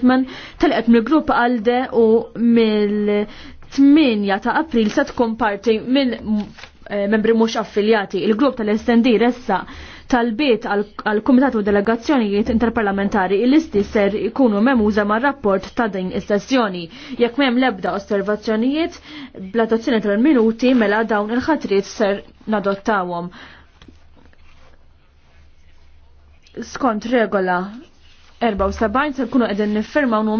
Trautmann telqet mill-grupp Alde u mill-8 ta' April se tkun parti minn eh, membri mhux affiljati. Il-grupp tal-SND ressa tal-bit għal u Delegazzjonijiet Interparlamentari il-listi ser ikunu memuża ma' rapport ta' din is-sessjoni. Jekk m'hemm lebda osservazzjonijiet, bl-adozzjoni tal-minuti mela dawn il-ħatriet ser nadottawhom. Skont regola 74 se nkunu qegħdin niffirmaw